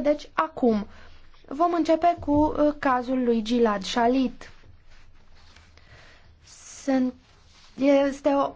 Deci, acum, vom începe cu uh, cazul lui Gilad Shalit. Sunt, este o